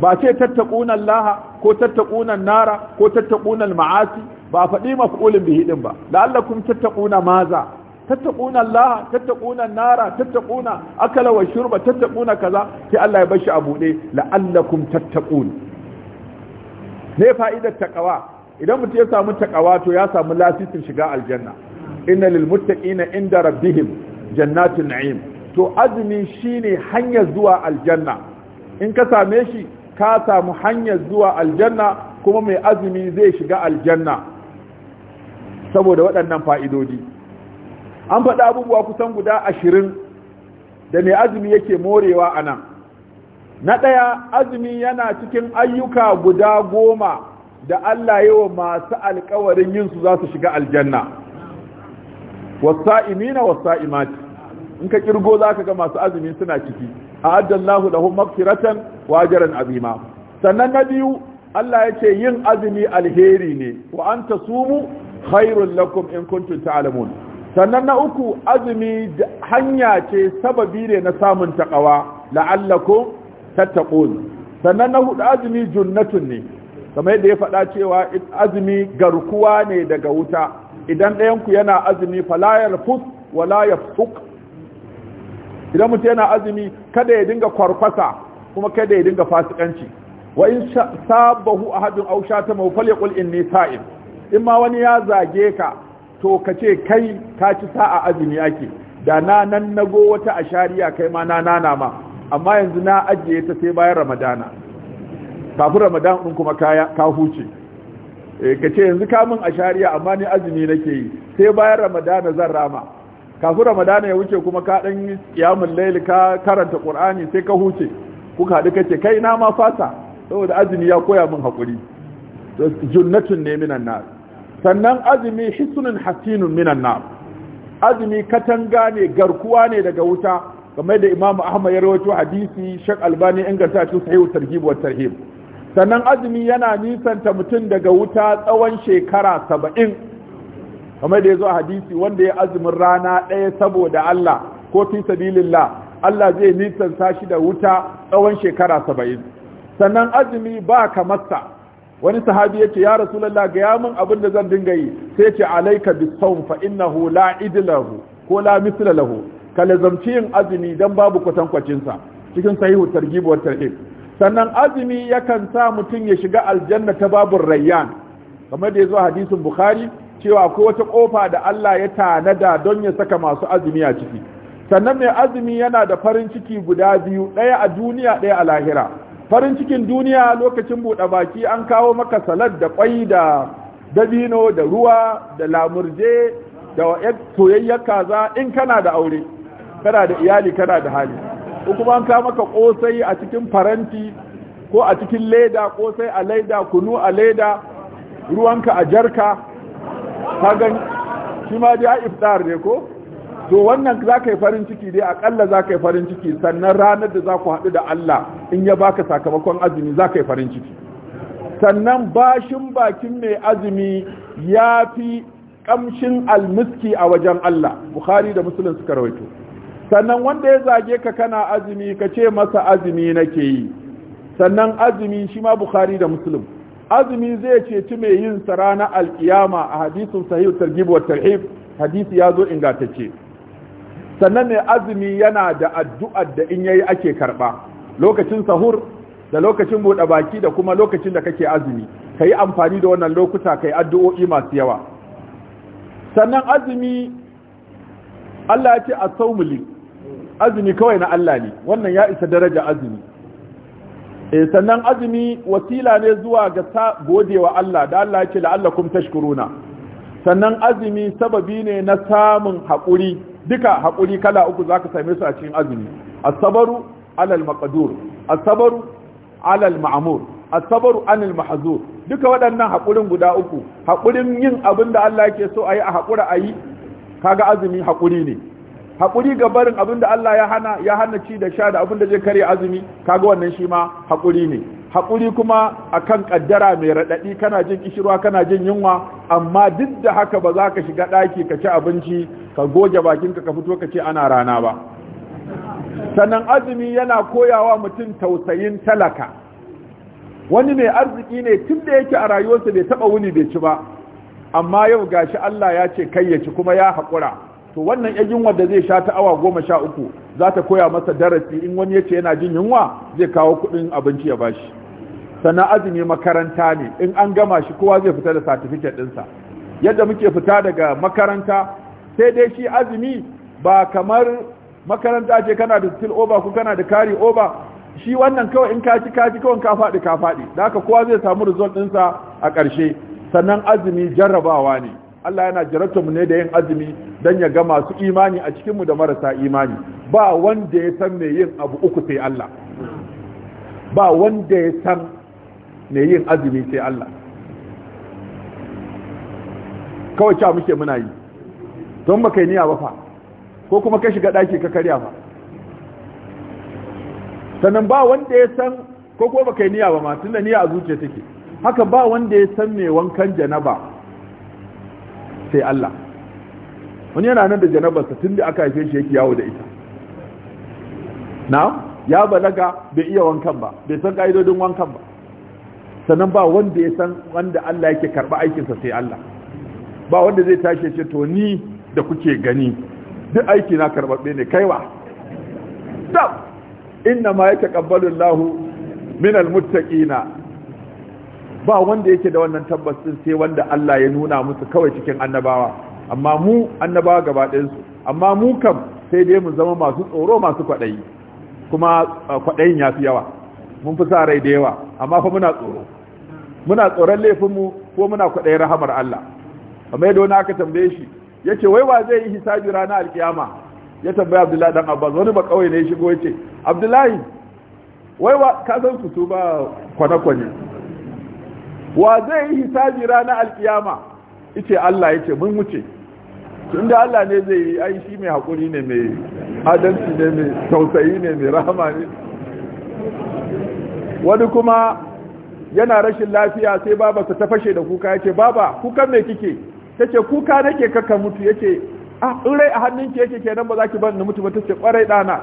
ba ce tattaquna Allah ko tattaquna nara ko tattaquna ma'asi ba faɗi maf'ulin bihi din ba la'allakum tattaquna maza tattaquna Allah tattaquna nara tattaquna akala wa shurba tattaquna kaza sai Allah ya bashi abu ne la'allakum tattaqun ne fa'idar takawa idan mutum ya samu takawa to ya samu lasisin shiga aljanna inna lil inda rabbihim jannatin na'im to azumi shine hanyar zuwa aljanna in ka same shi ka samu hanyar zuwa aljanna kuma mai azumi zai shiga aljanna saboda waɗannan fa'idodi an faɗa abubuwa kusan guda ashirin da mai azumi yake morewa a nan na ɗaya azumi yana cikin ayyuka guda goma da Allah yi wa masu alkawarin yinsu za su shiga aljanna wasa'imina wasa'imati in ka kirgo zaka ga masu azumi suna ciki a'addallahu lahum maghfiratan wa ajran azima sannan na biyu Allah ya ce yin azumi alheri ne wa anta tasumu khairul lakum in kuntum ta'lamun sannan na uku azumi hanya ce sababi ne na samun takawa la'allakum tattaqun sannan na hudu azumi junnatun ne kamar yadda ya faɗa cewa azumi garkuwa ne daga wuta idan ɗayanku yana azumi falayar yarfus walayar fuk idan mutu yana azumi kada ya dinga kwarkwasa kuma kada ya dinga fasikanci wa in sabahu ahadun aw shatama falyaqul inni sa'im in ma wani ya zage ka to ka ce kai ka ci sa'a azumi ake da na nan nago wata ashariya kai ma na nana ma amma yanzu na ajiye ta sai bayan ramadana kafin ramadan din kuma ka huce Eh, ka ce yanzu kamun a shari'a amma ni azumi nake yi sai bayan ramadana zan rama kafin ramadana ya wuce kuma ka ɗan yamun laili ka karanta ƙur'ani sai ka huce kuka haɗu kace kai na ma fasa saboda azumi ya koya min haƙuri junnatun ne minan nar sannan azumi hisnun hasinun minan nar azumi katanga ne garkuwa ne daga wuta kamar da imamu ahmad ya rawaito hadisi shak albani inganta cikin sahihu targhib wa tarhib sannan azumi yana nisanta mutum daga wuta tsawon shekara saba'in kamar da ya zo a hadisi wanda ya azumin rana ɗaya saboda Allah ko fi sabilillah Allah zai nisanta shi da wuta tsawon shekara saba'in sannan azumi ba kamarsa wani sahabi ya ce ya rasulallah ga min abin da zan dinga yi sai ce alaika bisawm fa innahu la idlahu ko la misla lahu yin azumi don babu kwatankwacinsa cikin sahihu targhib wa tarhib sannan azumi yakan sa mutum ya shiga aljanna ta babur rayyan kamar da ya zo hadisin bukhari cewa akwai wata kofa da Allah ya tanada don ya saka masu azumi a ciki sannan mai azumi yana da farin ciki guda biyu ɗaya a duniya ɗaya a lahira farin cikin duniya lokacin buɗe baki an kawo maka salad da ƙwai da dabino da ruwa da lamurje da eh, soyayyar kaza in kana da aure kana da iyali kana da hali ko kuma an kawo maka kosai a cikin faranti ko a cikin leda kosai a leda kunu a leda ruwanka a jarka ka gan shi ma dai iftar ne ko to wannan za ka yi farin ciki dai akalla za ka yi farin ciki sannan ranar da za ku haɗu da Allah in ya baka sakamakon azumi za ka yi farin ciki sannan bashin bakin mai azumi ya fi ƙamshin almiski a wajen Allah Bukhari da Musulun suka rawaito sannan wanda ya zage ka kana azumi ka ce masa azumi nake yi sannan azumi shi ma bukhari da muslim azumi zai ce ci mai yin sa ranar alkiyama a hadisin sahih targhib wa tarhib hadisi ya zo ingantacce sannan mai azumi yana da addu'ar da in yayi ake karba lokacin sahur da lokacin buɗe baki da kuma lokacin da kake azumi ka yi amfani da wannan lokuta ka yi addu'o'i masu yawa sannan azumi Allah ya ce a saumuli azumi kawai na Allah ne wannan ya isa daraja azumi eh sannan azumi wasila ne zuwa ga godewa Allah da Allah yake la'allakum tashkuruna sannan azumi sababi ne na samun hakuri duka haƙuri kala uku zaka same su a cikin azumi as ala al maqdur as ala al ma'mur as al mahzur duka waɗannan hakurin guda uku haƙurin yin abinda Allah yake so ayi a hakura ayi kaga azumi haƙuri ne haƙuri ga barin abin da Allah ya hana ya hana ci da sha da abin da zai karya azumi kaga wannan shi ma haƙuri ne haƙuri kuma akan ƙaddara mai raɗaɗi kana jin kishirwa kana jin yunwa amma duk da haka ba za ka shiga ɗaki ka ci abinci ka goge bakinka ka fito ka ce ana rana ba sannan azumi yana koyawa mutum tausayin talaka wani mai arziki ne tun da yake a rayuwarsa bai taɓa wuni bai ci ba amma yau gashi Allah ya ce kai ya ci kuma ya haƙura to wannan yan yunwa da zai sha ta awa goma sha uku za ta koya masa darasi in wani ya ce yana jin yunwa zai kawo kuɗin abinci ya bashi sannan azumi makaranta ne in an gama shi kowa zai fita da satifiket ɗinsa yadda muke fita daga makaranta sai dai shi azumi ba kamar makaranta ce kana da still over ko kana da kari over shi wannan kawai in ka ci kawai ka faɗi ka faɗi da haka kowa zai samu result ɗinsa a ƙarshe sannan azumi jarrabawa ne Allah yana jarabta mu ne da yin azumi dan ya ga masu imani a cikin mu da marasa imani ba wanda ya san me yin abu uku sai Allah ba wanda ya san me yin azumi sai Allah kawai cewa muke muna yi don ba kai niyya ba fa ko kuma ka shiga daki ka karya fa sannan ba wanda ya san ko kuma ba kai niyya ba ma tunda niyya a zuciya take haka ba wanda ya san me wankan janaba sai Allah wani yana nan da janabarsa tun da aka haife shi yake yawo da ita na ya balaga bai iya wankan ba bai san ka'idodin wankan ba sannan ba wanda ya san wanda Allah yake karɓa aikinsa sai Allah ba wanda zai tashi ce to ni da kuke gani duk aiki na karɓaɓɓe ne kaiwa dab inna ma yake taƙabbalin lahu min ba wanda yake da wannan tabbas din sai wanda Allah ya nuna musu kawai cikin annabawa amma mu annabawa gaba ɗayan amma mu kam sai dai mu zama masu tsoro masu kwaɗayi kuma uh, kwaɗayin ya fi yawa mun fi sa rai da yawa amma fa muna tsoro muna tsoron laifinmu ko muna kwaɗayin rahamar Allah amma yadda wani aka tambaye shi ya ce wai wa zai yi hisabi ranar alkiyama ya tambaye abdullahi dan abbas wani ba kawai ne shigo ya ce abdullahi wai wa ka san su ba kwane-kwane wa zai yi hisabi ranar alkiyama ice Allah ce mun wuce tunda Allah ne zai yi ai shi mai hakuri ne mai adalci ne mai tausayi ne mai rahama ne wani kuma yana rashin lafiya sai babarsa ta fashe da kuka ce baba kukan me kike ce kuka nake kaka mutu yake. ah in rai a hannunki yake kenan ba za ki bar ni mutu ba tace kwarai dana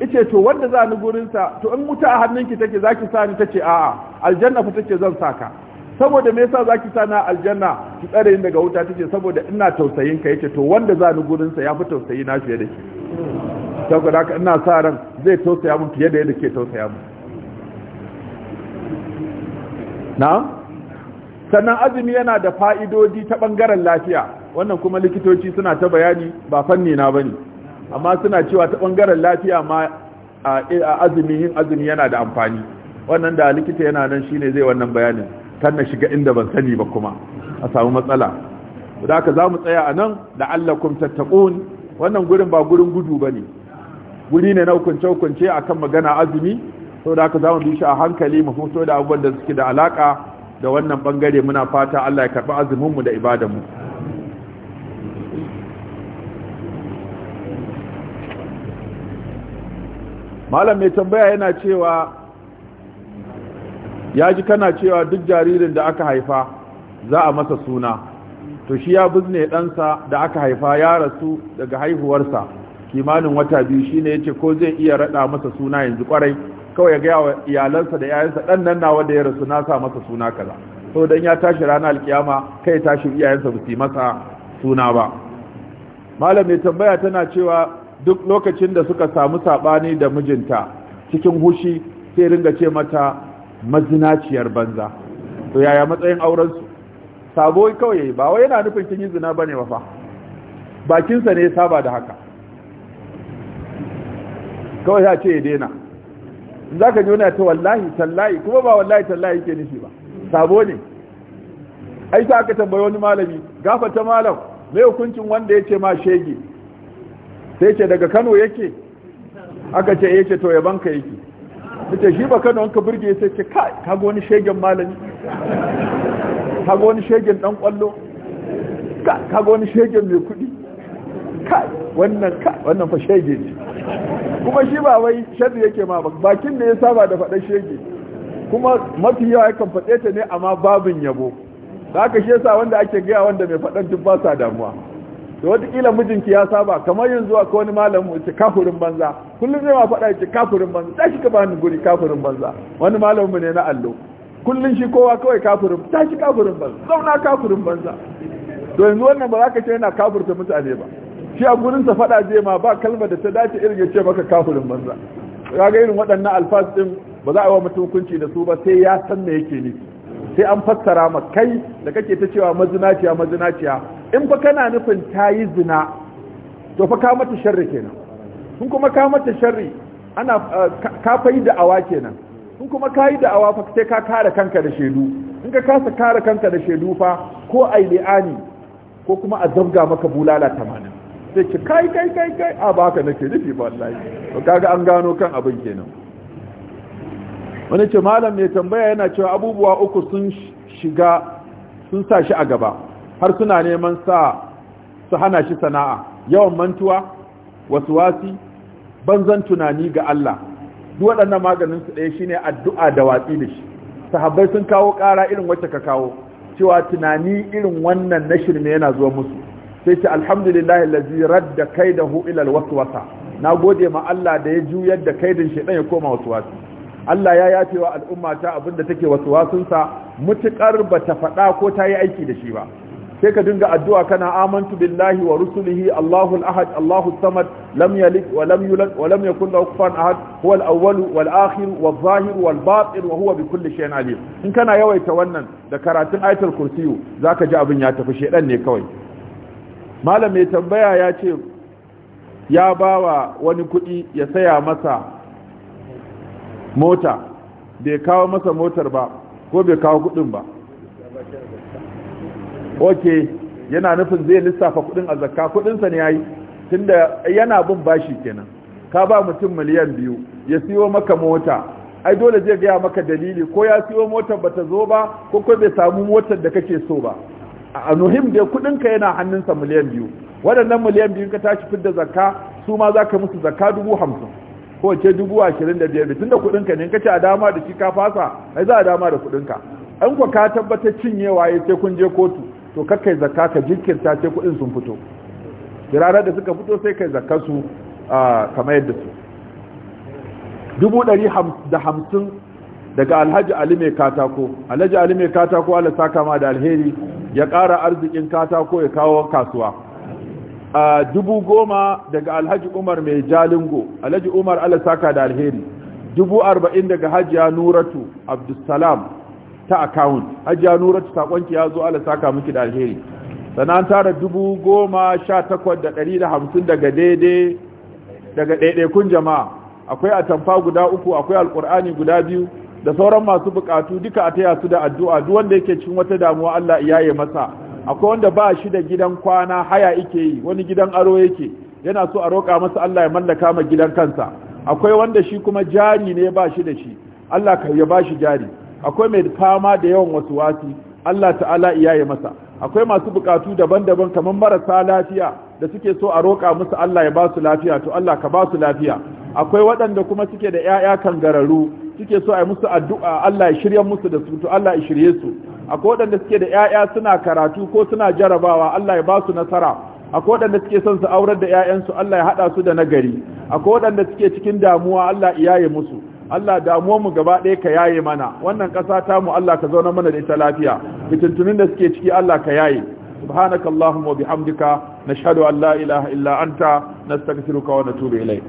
ice to wanda za ni gurinsa to in mutu a hannunki take za ki sa ni tace a'a aljanna fa tace zan saka saboda me yasa zaki sana aljanna ki tsare ni daga wuta tace saboda ina tausayin ka yace to wanda za ni gurin sa yafi tausayi na fiye da ki saboda haka ina sa ran zai tausaya mun fiye da yadda ke tausaya mun na'am sannan azumi yana da fa'idodi ta bangaren lafiya wannan kuma likitoci suna ta bayani ba fanni na bane amma suna cewa ta bangaren lafiya ma a azumi yin azumi yana da amfani wannan da likita yana nan shine zai wannan bayanin kan na shiga inda ban sani ba kuma a samu matsala da haka za mu tsaya a nan da Allakun tattaqun wannan gurin ba gurin gudu ba ne. guri ne na hukunce hukunce a kan magana azumi Da haka za mu bi shi a hankali mu fito da abubuwan da suke da alaka da wannan bangare muna fata Allah ya karɓi azumin mu da ibadan mu malam mai tambaya yana cewa ya ji kana cewa duk jaririn da aka haifa za a masa suna to shi ya bizne ɗansa da aka haifa ya rasu daga haihuwarsa kimanin wata biyu shi ne ya ce ko zai iya raɗa masa suna yanzu kwarai kawai ya gaya wa iyalansa da yayansa ɗan nan nawa da ya rasu na sa masa suna kaza to dan ya tashi ranar alkiyama kai tashi iyayensa ba su masa suna ba malam mai tambaya tana cewa duk lokacin da suka samu saɓani da mijinta cikin hushi sai ringa ce mata mazinaciyar banza to yaya matsayin aurensu sabo kawai ba wai yana nufin kin yi zina bane ba fa bakinsa ne ya saba da haka kawai ya ce ya daina za ka ji wani ta wallahi tallahi kuma ba wallahi tallahi yake nufi ba sabo ne ai ta aka tambayi wani malami gafata malam mai hukuncin wanda ya ce ma shege sai ce daga kano yake aka ce eh, ya ce to yaban ka yake mace shi ba Kano wanka ka burge sai ce kai kaga wani shegen malami kaga wani shegen dan kwallo kaga wani shegen mai kudi kai wannan ka wannan fa shege ne kuma shi ba wai sharri yake ma bakin da ya saba da faɗar shege kuma mafi yawa yakan faɗe ta ne amma babin yabo da aka shi wanda ake gaya wanda mai faɗar duk ba sa damuwa da wataƙila mijinki ya saba kamar yanzu a wani malamin ce kafurin banza kullum zai ma faɗa ce kafurin banza ta shi ka bani guri kafurin banza wani mu ne na allo kullum shi kowa kawai kafurin ta shi kafurin banza zauna kafurin banza to yanzu wannan ba za ka ce yana kafurta mutane ba shi a gurin sa faɗa zai ma ba kalmar da ta dace irin ya ce maka kafurin banza ga irin waɗannan alfas ɗin ba za a yi wa mutum hukunci da su ba sai ya san me yake nufi sai an fassara ma kai da kake ta cewa mazinaciya mazinaciya in fa kana nufin ta yi zina to fa ka mata sharri kenan kun kuma ka mata sharri ana ka fayi da awa kenan kun kuma ka yi da awa fa sai ka kare kanka da shaidu in ka kasa kare kanka da shaidu fa ko ai li'ani ko kuma a zabga maka bulala tamanin sai ki kai kai kai kai a ba haka nake nufi ba wallahi to kaga an gano kan abin kenan wani ce malam mai tambaya yana cewa abubuwa uku sun shiga sun sa shi a gaba har suna neman sa su hana shi sana'a yawan mantuwa wasu wasi banzan tunani ga Allah duk waɗannan maganin su ɗaya shine addu'a da watsi da shi sahabbai sun kawo ƙara irin wacce ka kawo cewa tunani irin wannan na shirme yana zuwa musu sai ce alhamdulillahi allazi radda kaidahu ila alwaswasa gode ma Allah da ya juyar da kaidin shedan ya koma waswasi Allah ya yafe wa al'umma ta abinda take waswasun sa mutukar bata faɗa ko ta yi aiki da shi ba sai ka dinga addu'a kana amantu billahi wa rusulihi Allahu al-ahad Allahu samad lam yalid wa lam yulad wa lam yakul lahu kufuwan ahad huwa al-awwal wal akhir wal zahir wal batin wa huwa bi kulli shay'in alim in kana yawaita wannan da karatun ayatul kursiyu zaka ji abin ya tafi shedan ne kawai malam mai tambaya ya ce ya bawa wani kuɗi ya saya masa mota bai kawo masa motar ba ko bai kawo kuɗin ba ok yana nufin zai lissafa kudin a zakka kudinsa ne ya yayi tunda yana bin bashi kenan ka ba mutum miliyan biyu ya siyo maka mota ai dole zai gaya maka dalili ko ya siyo motar ta zo ba ko kai bai samu motar da kake so ba a nuhim dai kudinka yana hannunsa miliyan biyu waɗannan miliyan biyu ka tashi fidda zakka su ma za ka musu zakka dubu hamsin ko ce dubu ashirin da biyar tunda kudinka ne ka ce a dama da shi ka fasa ai za a dama da kudinka an ka tabbatar cinyewa ya ce kun je kotu to kai zakka ka jinkirta sai kudin sun fito kirarar da suka fito sai kai zakka su kamar yadda su dubu ɗari da hamsin daga alhaji ali mai katako alhaji ali mai katako ala saka ma da alheri ya ƙara arzikin katako ya kawo kasuwa a dubu goma daga alhaji umar mai jalingo alhaji umar ala saka da alheri dubu arba'in daga hajiya nuratu abdulsalam ta account hajiya nura ta sakonki ya zo ala saka miki da alheri sannan tara dubu goma sha takwas da ɗari da hamsin daga daidai daga jama'a akwai atamfa guda uku akwai alƙur'ani guda biyu da sauran masu buƙatu duka a taya su da addu'a duk wanda yake cikin wata damuwa Allah ya yaye masa akwai wanda ba shi da gidan kwana haya yake yi wani gidan aro yake yana so a roƙa masa Allah ya mallaka ma gidan kansa akwai wanda shi kuma jari ne ba shi da shi Allah ka ya ba shi jari akwai mai fama da yawan wasu wasi Allah ta'ala iya yi masa akwai masu bukatu daban-daban kamar marasa lafiya da suke so a roƙa musu Allah ya ba su lafiya to Allah ka ba su lafiya akwai waɗanda kuma suke da ƴaƴa kan gararu suke so a yi musu addu'a Allah ya shirye musu da su to Allah ya shirye su akwai waɗanda suke da ƴaƴa suna karatu ko suna jarabawa Allah ya ba su nasara akwai waɗanda suke son su aurar da ƴaƴansu Allah ya haɗa su da nagari akwai waɗanda suke cikin damuwa Allah ya yaye musu Allah damuwar mu gaba ɗaya ka yaye mana wannan ƙasa ta mu Allah ka zauna mana da ita lafiya fitintunin da suke ciki Allah ka yaye subhanakallahumma wa bihamdika nashhadu an la ilaha illa anta nastaghfiruka wa natubu ilayk